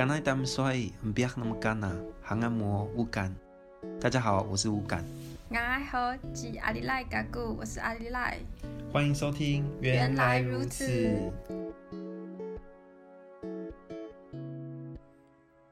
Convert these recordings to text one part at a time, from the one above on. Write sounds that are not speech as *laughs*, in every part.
剛來他們說，不要那麼幹吶，還按摩 Ukan。大家好，我是 Ukan。我好是 ’ariray 加古，我是 ’ariray。歡迎收聽，《原來如此》。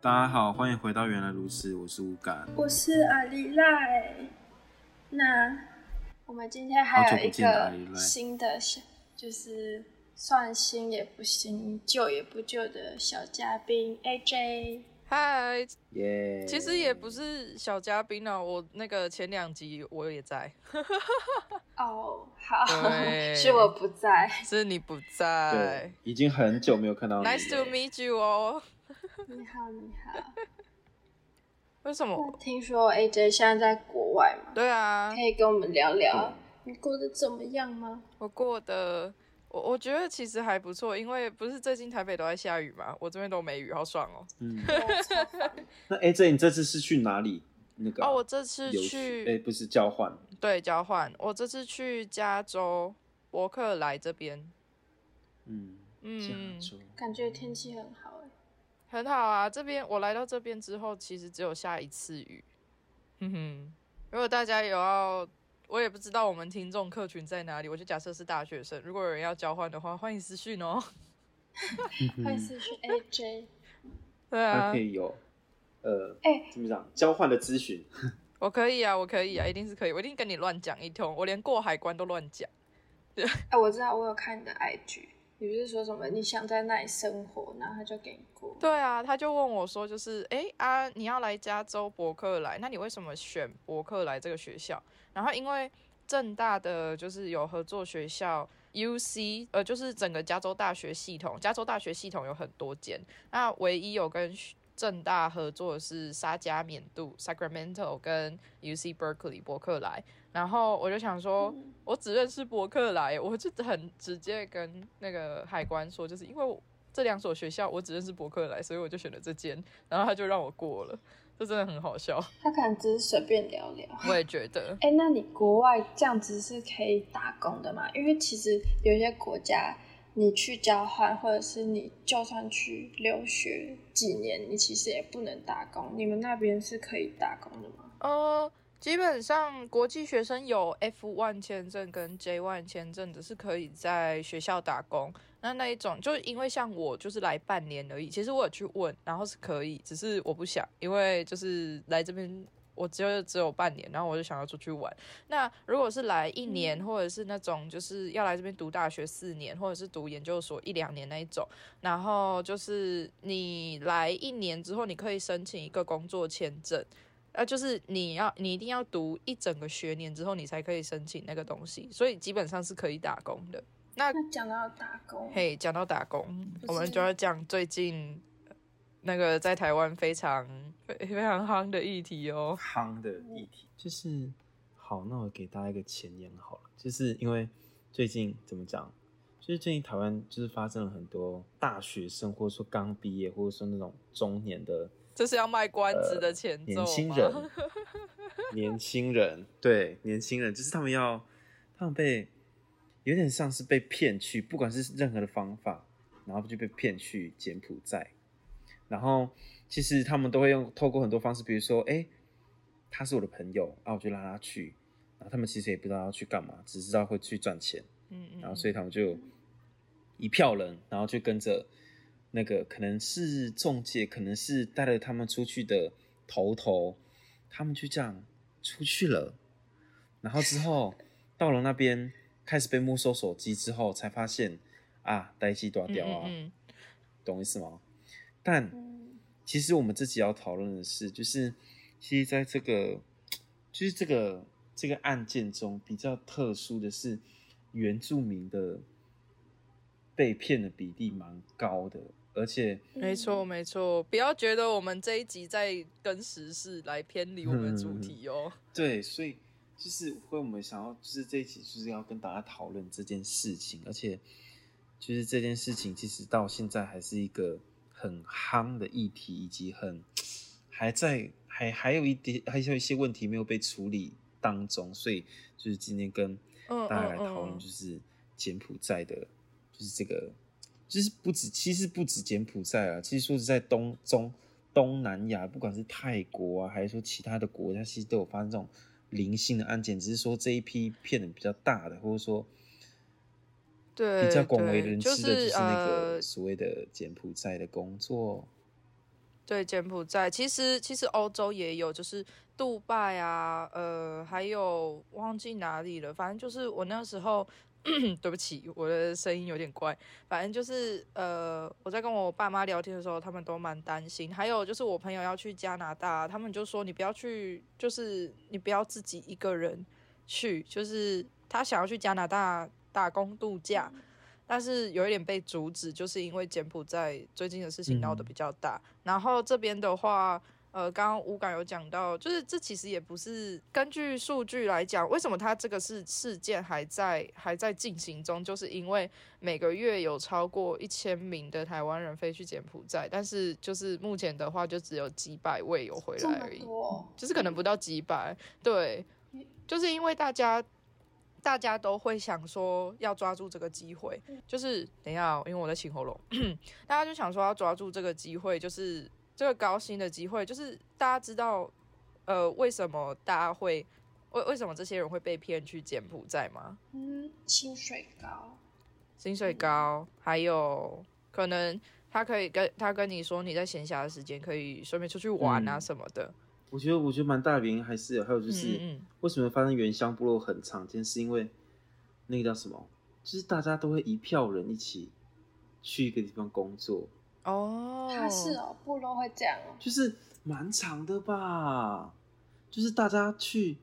大家好，歡迎回到原來如此，我是 Ukan，我是 ’ariray。那我們今天還有一個新的，就是。算新也不新，舊也不舊的小嘉賓 AJ，嗨，Hi, yeah. 其實也不是小嘉賓啊、哦，我那個前兩集我也在。哦、 *laughs* oh,，好，是我不在，是你不在，對，已經很久沒有看到你了。Nice to meet you 哦，你 *laughs* 好你好，你好 *laughs* 為什麼？聽說 AJ 現在在國外嘛？對啊，可以跟我們聊聊、嗯、你過得怎麼樣嗎？我過得。我我覺得其實還不錯，因為不是最近台北都在下雨嘛，我這邊都沒雨，好爽、喔 *laughs* 嗯、哦。那 AJ、欸、這你這次是去哪裡？那個哦，我這次去、欸、不是交換？對，交換。我這次去加州柏克萊這邊。嗯，嗯，感覺天氣很好，很好啊。這邊我來到這邊之後，其實只有下一次雨。嗯哼，如果大家有要。我也不知道我們聽眾客群在哪裡，我就假設是大學生。如果有人要交換的話，歡迎私訊哦，歡迎私訊 AJ。 *laughs* 對啊，可、okay, 以有，呃，欸、怎麼講？交換的諮詢， *laughs* 我可以啊，我可以啊，一定是可以，我一定跟你亂講一通，我連過海關都亂講。哎 *laughs* 啊，我知道，我有看你的 IG。你不是說什麼你想在那裡生活，然後他就給你過。對啊，他就問我說，就是哎、欸、啊，你要來加州伯克萊，那你為什麼選伯克萊這個學校？然後因為政大的就是有合作學校 U C，呃，就是整個加州大學系統，加州大學系統有很多間，那唯一有跟政大合作的是沙加緬度 Sacramento 跟 U C Berkeley 伯克萊。然後我就想說，我只認識柏克萊，我就很直接跟那個海關說，就是因為這兩所學校我只認識柏克萊，所以我就選了這間，然後他就讓我過了，這真的很好笑。他可能只是隨便聊聊。我也覺得。哎、 *laughs* 欸，那你國外這樣子是可以打工的嗎？因為其實有些國家你去交換，或者是你就算去留學幾年，你其實也不能打工。你們那邊是可以打工的嗎？哦、uh...。基本上，國際學生有 F one 簽證跟 J one 簽證的是可以在學校打工。那那一種，就是因為像我就是來半年而已，其實我有去問，然後是可以，只是我不想，因為就是來這邊我只有只有半年，然後我就想要出去玩。那如果是來一年，嗯、或者是那種就是要來這邊讀大學四年，或者是讀研究所一兩年那一種，然後就是你來一年之後，你可以申請一個工作簽證。啊，就是你要，你一定要讀一整個學年之後，你才可以申請那個東西，所以基本上是可以打工的。那講到打工，嘿，講到打工，我們就要講最近那個在台灣非常非常夯的議題哦。夯的議題就是，好，那我給大家一個前言好了，就是因為最近怎麼講，就是最近台灣就是發生了很多大學生，或者說剛畢業，或者說那種中年的。就是要賣關子的前奏、呃、年輕人， *laughs* 年輕人，對，年輕人，就是他們要，他們被有點像是被騙去，不管是任何的方法，然後就被騙去柬埔寨，然後其實他們都會用透過很多方式，比如說，哎、欸，他是我的朋友，啊，我就拉他去，然後他們其實也不知道要去幹嘛，只知道會去賺錢，嗯，嗯，然後所以他們就一票人，然後就跟着。那個可能是仲介，可能是帶了他們出去的頭頭，他們就這樣出去了，然後之後到了那邊 *laughs* 開始被沒收手機之後，才發現啊，代誌大條了，啊嗯嗯嗯，懂意思嗎？但其實我們這集要討論的是，就是其實在這個就是這個這個案件中比較特殊的是，原住民的被騙的比例蠻高的。而且，沒錯沒錯，不要覺得我們這一集在跟時事來偏離我們的主題哦。嗯，對，所以就是，會我們想要，就是這一集就是要跟大家討論這件事情，而且就是這件事情其實到現在還是一個很夯的議題，以及很還在還還有一點，還有一些問題沒有被處理當中，所以就是今天跟大家來討論，就是柬埔寨的，就是這個。就是不止，其實不止柬埔寨啊，其實說是在東，東中東南亞，不管是泰國啊，還是說其他的國家，其實都有發生這種零星的案件，只是說這一批騙的比較大的，或者說對比較廣為人知的就是那個所謂的柬埔寨的工作。對，對柬埔寨，其實其實歐洲也有，就是杜拜啊，呃，還有忘記哪裡了，反正就是我那時候。 *coughs* 對不起，我的聲音有點怪。反正就是，呃，我在跟我爸媽聊天的時候，他們都蠻擔心。還有就是我朋友要去加拿大，他們就說你不要去，就是你不要自己一個人去。就是他想要去加拿大打工度假，但是有一點被阻止，就是因為柬埔寨最近的事情鬧得比較大。嗯。然後這邊的話。呃，剛剛 Ukan 有講到，就是這其實也不是根據數據來講，為什麼他這個是事，事件還在還在進行中，就是因為每個月有超過一千名的台灣人飛去柬埔寨，但是就是目前的話，就只有幾百位有回來而已，就是可能不到幾百。對，對就是因為大家大家都會想說要抓住這個機會，就是等一下、哦，因為我在清喉嚨， *coughs* 大家就想說要抓住這個機會，就是。這個高薪的機會，就是大家知道，呃，為什麼大家會為，為什麼這些人會被騙去柬埔寨嗎？嗯，薪水高，薪水高，嗯、還有可能他可以跟他跟你說，你在閒暇的時間可以順便出去玩啊什麼的。嗯、我覺得，我覺得蠻大的原因還是有還有就是，嗯嗯為什麼發生原鄉部落很常見，是因為那個叫什麼，就是大家都會一票人一起去一個地方工作。哦，他是哦，部落會這樣、哦，就是蠻長的吧，就是大家去，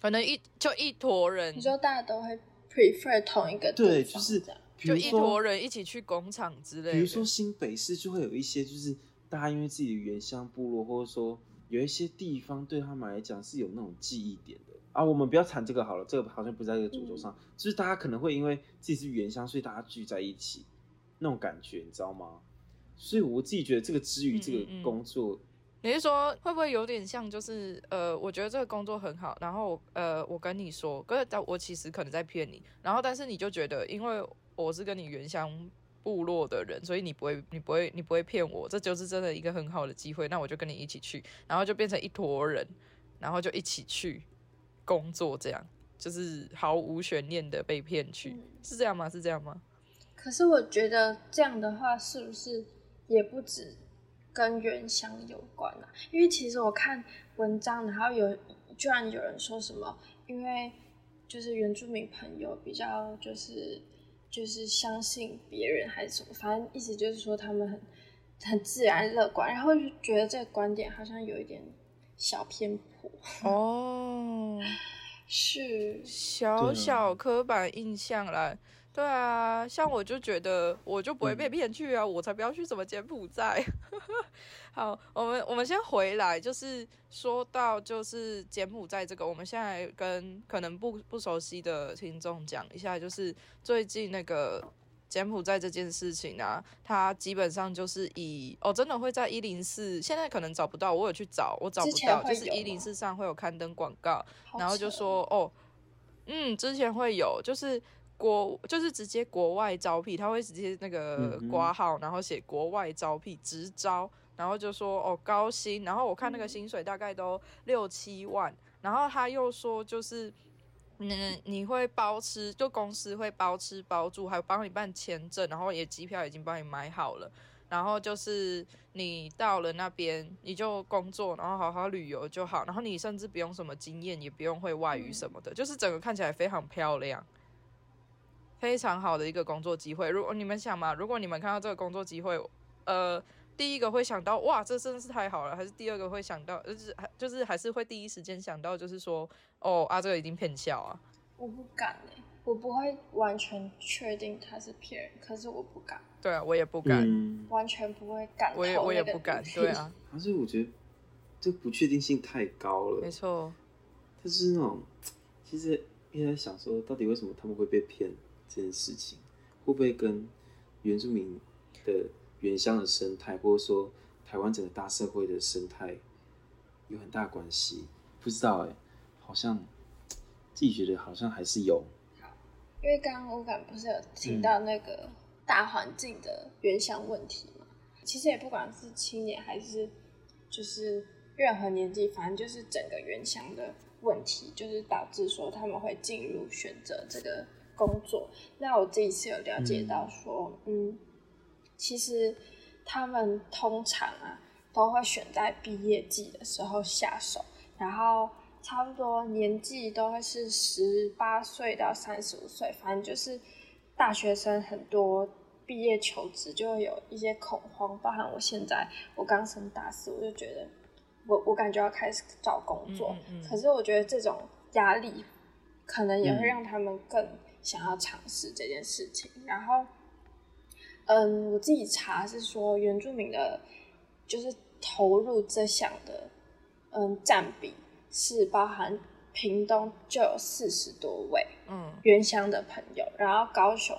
可能一就一坨人，你說大家都會 prefer 同一個、嗯，對，就是，就一坨人一起去工廠之類，比如說新北市就會有一些，就是大家因為自己的原鄉部落，或者說有一些地方對他們來講是有那種記憶點的啊。我們不要談這個好了，這個好像不在一個主軸上、嗯，就是大家可能會因為自己是原鄉，所以大家聚在一起，那種感覺，你知道嗎？所以我自己覺得這個之餘、嗯嗯嗯，這個工作，你是說會不會有點像，就是呃，我覺得這個工作很好，然後呃，我跟你說，可是我其實可能在騙你，然後但是你就覺得，因為我是跟你原鄉部落的人，所以你不會，你不會，你不會騙我，這就是真的一個很好的機會，那我就跟你一起去，然後就變成一坨人，然後就一起去工作，這樣就是毫無懸念的被騙去，嗯，是這樣嗎？是這樣嗎？可是我覺得這樣的話，是不是？也不止跟原鄉有關啊，因為其實我看文章，然後有居然有人說什麼，因為就是原住民朋友比較就是就是相信別人還是什麼，反正意思就是說他們很很自然樂觀，然後就覺得這個觀點好像有一點小偏頗哦，是、oh, 嗯、小小刻板印象啦。對啊，像我就覺得我就不會被騙去啊、嗯，我才不要去什麼柬埔寨。 *laughs* 好，我們我們先回來，就是說到就是柬埔寨這個，我們現在跟可能不不熟悉的聽眾講一下，就是最近那個柬埔寨這件事情啊，它基本上就是以哦，真的會在一零四，現在可能找不到，我有去找，我找不到，就是一零四上會有刊登廣告，然後就說哦，嗯，之前會有，就是。國就是直接國外招聘，他會直接那個括號，然後寫國外招聘直招，然後就說哦，高薪，然後我看那個薪水大概都六七萬，嗯，然後他又說就是，嗯，你會包吃，就公司會包吃包住，還幫你辦簽證，然後也機票已經幫你買好了，然後就是你到了那邊你就工作，然後好好旅遊就好，然後你甚至不用什麼經驗，也不用會外語什麼的，嗯，就是整個看起來非常漂亮。非常好的一個工作機會。如果你們想嘛，如果你們看到這個工作機會，呃，第一個會想到哇，這真的是太好了；還是第二個會想到，就是還就是還是會第一時間想到，就是說哦啊，這個一定騙肖啊！我不敢嘞、欸，我不會完全確定他是騙，可是我不敢。對啊，我也不敢，嗯、完全不會敢，我也我也不敢，對啊。可 *laughs* 是、啊、我覺得這不確定性太高了，沒錯。就是那種，其實一直在想說，到底為什麼他們會被騙？這件事情會不會跟原住民的原鄉的生態，或者說台灣整個大社會的生態有很大關係？不知道哎，好像自己覺得好像還是有。因為剛剛 Ukan 不是有提到那個大環境的原鄉問題嘛、嗯？其實也不管是青年還是就是任何年紀，反正就是整個原鄉的問題，就是導致說他們會進入選擇這個。工作，那我這一次有了解到說嗯，嗯，其實他們通常啊，都會選在畢業季的時候下手，然後差不多年紀都會是十八歲到三十五歲，反正就是大學生很多畢業求職就會有一些恐慌，包含我現在我剛升大四，我就覺得我我感覺要開始找工作，嗯嗯嗯，可是我覺得這種壓力可能也會讓他們更，嗯。想要嘗試這件事情，然後，嗯，我自己查是說原住民的，就是投入這項的，嗯，佔比是包含屏東就有四十多位，嗯，原鄉的朋友，嗯，然後高雄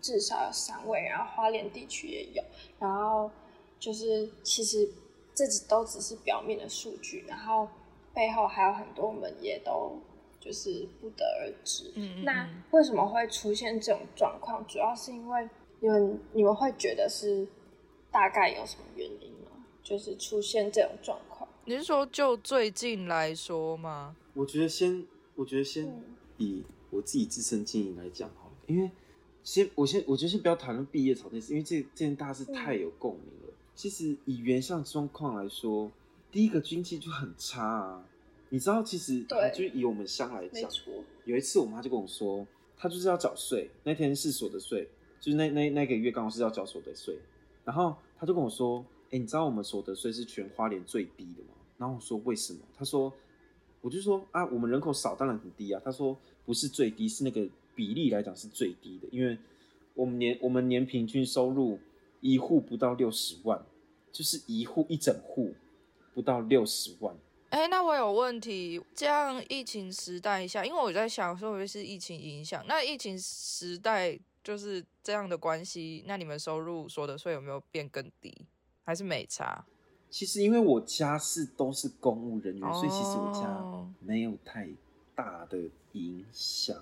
至少有三位，然後花蓮地區也有，然後就是其實這只都只是表面的數據，然後背後還有很多我們也都。就是不得而知，嗯嗯。那為什麼會出現這種狀況？主要是因為你們你們會覺得是大概有什麼原因呢？就是出現這種狀況。你是說就最近來說嗎？我覺得先，我覺得先以我自己自身經驗來講好了，嗯。因為先我先我覺得先不要談論畢業潮那事，因為這這件大事太有共鳴了，嗯。其實以原鄉狀況來說，第一個經濟就很差，啊。你知道其實，對，就是以我們鄉來講，有一次我媽就跟我說，她就是要繳稅，那天是所得稅，就是那那那個月剛好是要繳所得稅，然後她就跟我說，哎、欸，你知道我們所得稅是全花蓮最低的嗎？然後我說為什麼？她說，我就說啊，我們人口少，當然很低啊。她說不是最低，是那個比例來講是最低的，因為我們年我們年平均收入一戶不到六十萬，就是一戶一整戶不到六十萬。哎、欸，那我有問題。這樣疫情時代下，因為我在想說，會不會是疫情影響？那疫情時代就是這樣的關係。那你們收入所得稅有沒有變更低，還是沒差？其實因為我家是都是公務人員、哦，所以其實我家沒有太大的影響。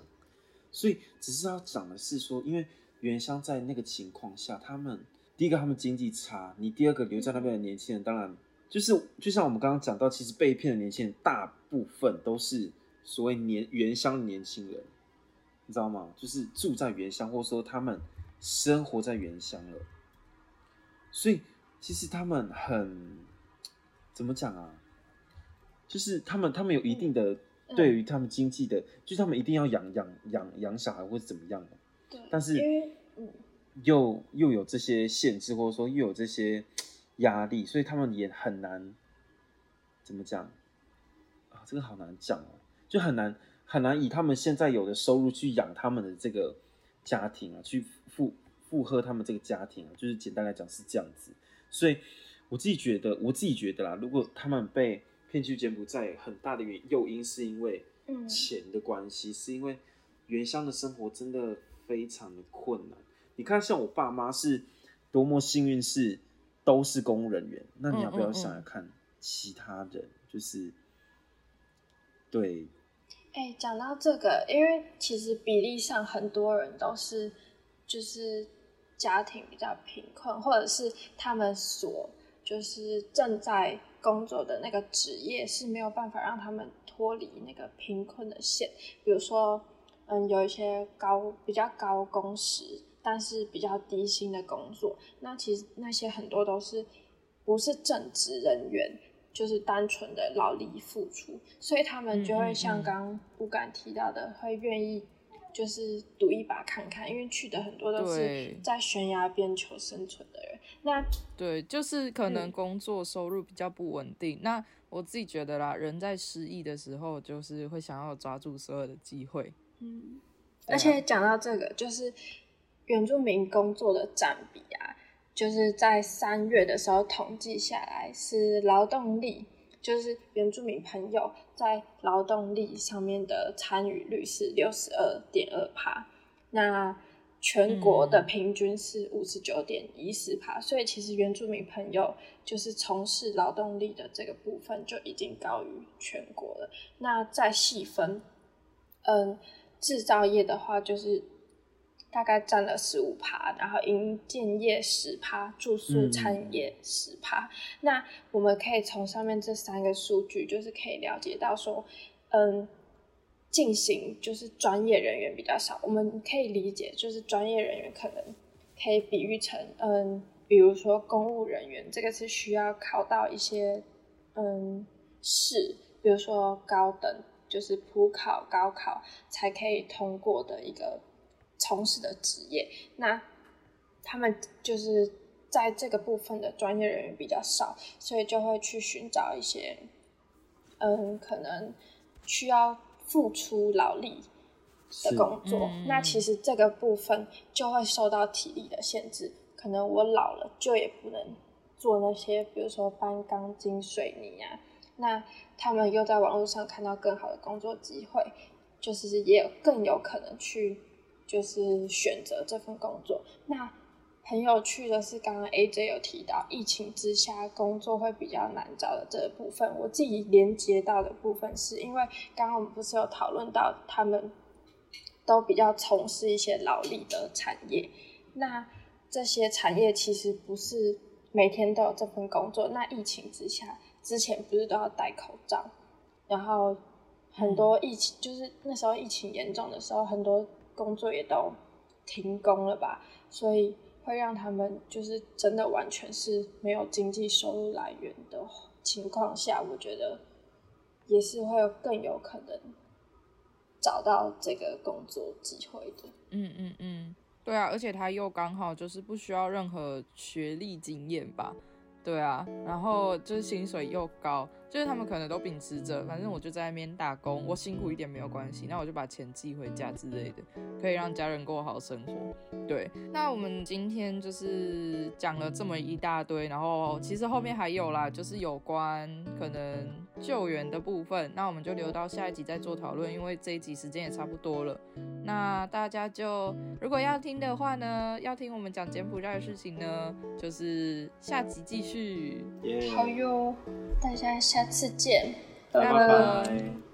所以只是要講的是說，因為原鄉在那個情況下，他們第一個他們經濟差，你第二個留在那邊的年輕人，當然。就是就像我們剛剛講到，其實被騙的年輕人大部分都是所謂年原鄉的年輕人，你知道嗎？就是住在原鄉，或者說他們生活在原鄉了，所以其實他們很怎麼講啊？就是他們他們有一定的、嗯、對於他們經濟的、嗯，就是他們一定要養養養養小孩或者怎麼樣的，但是又又有這些限制，或者說又有這些。壓力，所以他們也很難，怎麼講啊？這個好難講哦、啊，就很難很難以他們現在有的收入去養他們的這個家庭啊，去負負荷他們這個家庭啊。就是簡單來講是這樣子，所以我自己覺得，我自己覺得啦，如果他們被騙去柬埔寨，很大的原因，誘因是因為錢的關係、嗯，是因為原鄉的生活真的非常的困難。你看，像我爸媽是多麼幸運，是。都是公務人員，那你要不要想要看其他人？嗯嗯嗯，就是對，哎、欸，講到這個，因為其實比例上很多人都是，就是家庭比較貧困，或者是他們所就是正在工作的那個職業是沒有辦法讓他們脫離那個貧困的線。比如說，嗯，有一些高比較高工時。但是比較低薪的工作，那其實那些很多都是不是正職人員，就是單純的勞力付出，所以他們就會像剛 Ukan 提到的，嗯、會願意就是賭一把看看，因為去的很多都是在懸崖邊求生存的人。對那對，就是可能工作收入比較不穩定，嗯。那我自己覺得啦，人在失意的時候，就是會想要抓住所有的機會。嗯，啊、而且講到這個，就是。原住民工作的佔比啊，就是在三月的時候統計下來，是勞動力，就是原住民朋友在勞動力上面的參與率是六十二點二趴，那全國的平均是五十九點一四趴，所以其實原住民朋友就是從事勞動力的這個部分就已經高於全國了。那再細分，嗯，製造業的話就是。大概佔了十五趴，然後營建業十趴，住宿餐業十趴。嗯嗯，那我們可以從上面這三個數據，就是可以了解到說，嗯，進行就是專業人員比較少。我們可以理解，就是專業人員可能可以比喻成，嗯，比如說公務人員，這個是需要考到一些，嗯，試，比如說高等就是普考、高考才可以通過的一個。從事的職業，那他們就是在這個部分的專業人員比較少，所以就會去尋找一些，嗯，可能需要付出勞力的工作、嗯。那其實這個部分就會受到體力的限制，可能我老了就也不能做那些，比如說搬鋼筋水泥啊。那他們又在網絡上看到更好的工作機會，就是也有更有可能去。就是選擇這份工作。那很有趣的是，剛剛 AJ 有提到疫情之下工作會比較難找的這部分，我自己連接到的部分是因為剛剛我們不是有討論到他們都比較從事一些勞力的產業，那這些產業其實不是每天都有這份工作。那疫情之下，之前不是都要戴口罩，然後很多疫情、嗯、就是那時候疫情嚴重的時候，很多。工作也都停工了吧，所以會讓他們就是真的完全是沒有經濟收入來源的情況下，我覺得也是會更有可能找到這個工作機會的。嗯嗯嗯，對啊，而且他又剛好就是不需要任何學歷經驗吧，對啊，然後就是薪水又高。就是他們可能都秉持着反正我就在那邊打工，我辛苦一點沒有關係，那我就把錢寄回家之類的，可以讓家人過好生活。對，那我們今天就是講了這麼一大堆，然後其實後面還有啦，就是有關可能救援的部分，那我們就留到下一集再做討論，因為這一集時間也差不多了。那大家就如果要聽的話呢，要聽我們講柬埔寨的事情呢，就是下集繼續。Yeah. 好喲，大家下。下次見，拜拜。